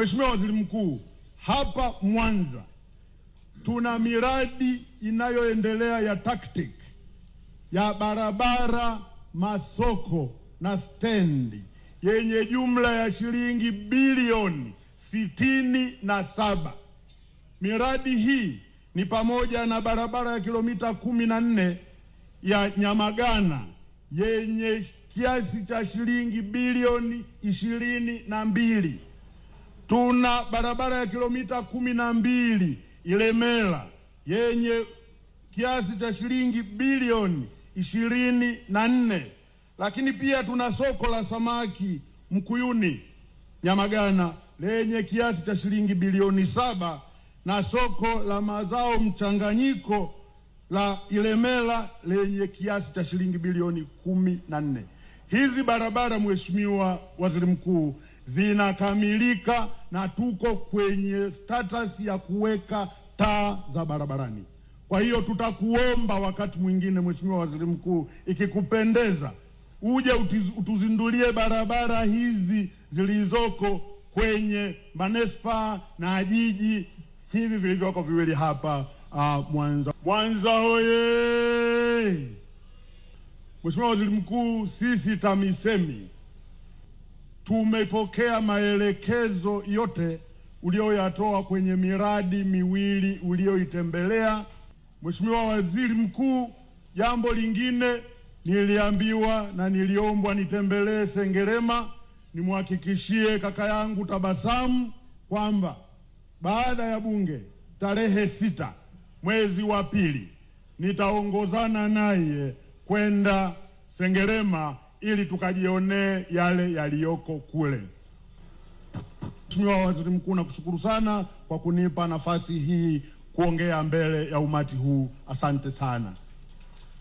Mheshimiwa Waziri Mkuu, hapa Mwanza tuna miradi inayoendelea ya tactic ya barabara, masoko na stendi yenye jumla ya shilingi bilioni sitini na saba. Miradi hii ni pamoja na barabara ya kilomita kumi na nne ya Nyamagana yenye kiasi cha shilingi bilioni ishirini na mbili Tuna barabara ya kilomita kumi na mbili Ilemela yenye kiasi cha shilingi bilioni ishirini na nne, lakini pia tuna soko la samaki Mkuyuni Nyamagana lenye kiasi cha shilingi bilioni saba na soko la mazao mchanganyiko la Ilemela lenye kiasi cha shilingi bilioni kumi na nne. Hizi barabara, Mheshimiwa Waziri Mkuu, zinakamilika na tuko kwenye status ya kuweka taa za barabarani. Kwa hiyo tutakuomba wakati mwingine, Mheshimiwa Waziri Mkuu, ikikupendeza uje utuzindulie barabara hizi zilizoko kwenye manespa na jiji hivi vilivyoko viwili hapa uh, Mwanza. Mwanza hoye! Mheshimiwa Waziri Mkuu, sisi TAMISEMI Tumepokea maelekezo yote uliyoyatoa kwenye miradi miwili uliyoitembelea, Mheshimiwa Waziri Mkuu. Jambo lingine niliambiwa na niliombwa nitembelee Sengerema, nimhakikishie kaka yangu Tabasamu kwamba baada ya bunge tarehe sita mwezi wa pili nitaongozana naye kwenda Sengerema ili tukajionee yale yaliyoko kule. Mheshimiwa Waziri Mkuu, nakushukuru sana kwa kunipa nafasi hii kuongea mbele ya umati huu. Asante sana.